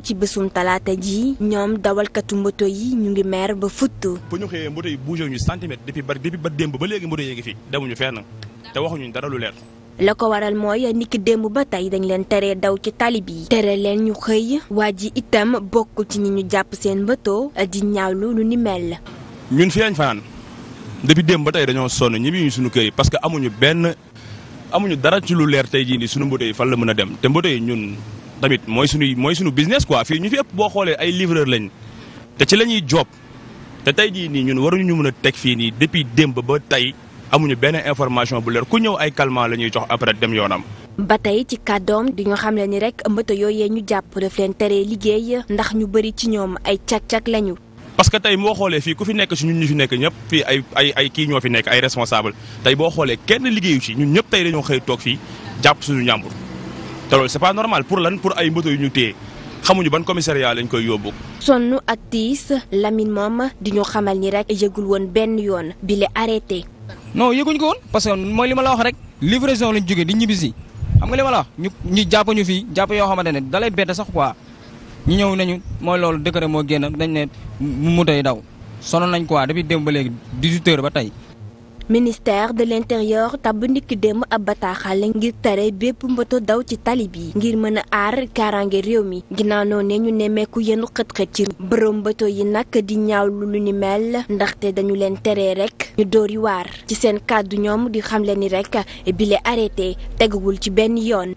ci bésum talaata ji ñoom dawalkatu moto yi ñu ngi mer ba futt bu ñu xëyee mboto yi bougé ñu centimètre depuis ba depuis ba démb ba léegi moto yi ngi fi demuñu fenn te waxuñu dara lu leer la ko waral mooy niki démb ba tey dañ leen teree daw ci tali bi tere leen ñu xëy waa ji itam bokk ci ñi ñu jàpp seen mbëto di ñaawlu lu ni mel. ñun fi lañ fanaan depuis démb ba tey dañoo sonn ñibbi ñu suñu kër yi parce que amuñu benn amuñu dara ci lu leer tey jii nii suñu mbëto yi fan la mën a dem te mbëto yi tamit mooy suñuy mooy suñu business quoi fii ñu fi ëpp boo xoolee ay livreur lañ te ci la ñuy job te tey jii nii ñun waruñu ñu mën a teg fii nii depuis démb ba tey amuñu benn information bu leer ku ñëw ay calmant la ñuy jox après dem yoonam. ba tey ci kàddoom di ñu xamle ni rek mbëta yooyee ñu jàpp daf leen teree ndax ñu bëri ci ñoom ay cag-cag lañu. parce que tey boo xoolee fii ku fi nekk si ñun ñu fi nekk ñëpp fii ay kii ñoo fi nekk ay responsable tey boo xoolee kenn liggéeyu ci ñun ñëpp tey dañoo xëy toog fii jàpp suñu ñàmbur te loolu c'est pas normal pour lan pour ay moto yu ñu téye xamuñu ban commissariat lañu koy yóbbu. sonn ak tiis Lamine moom di ñu xamal ni rek yëgul woon benn yoon bi la arrêté. non yëguñ ko woon parce que mooy li ma la wax rek livraison lañ jógee di ñibbisi xam nga li ma la wax ñu ñu jàpp ñu fii jàpp yoo xamante ne dalay bett sax quoi ñu ñëw nañu mooy loolu décret moo génn dañ ne mu day daw sonn nañ quoi depuis démb ba léegi 18 ba tey. ministère de l'intérieur tabb ndikki démb ab bataaxal ngir tere bépp moto daw ci tali bi ngir mën a aar kaaraange réew mi ginnaaw noonu ñu nemmeeku yenu xët-xët ci borom bato yi nag di ñaaw lu lu ni mel ndaxte dañu leen tere rek ñu doori waar ci seen kàddu ñoom di xamle ni rek bile arrêté teguwul ci benn yoon.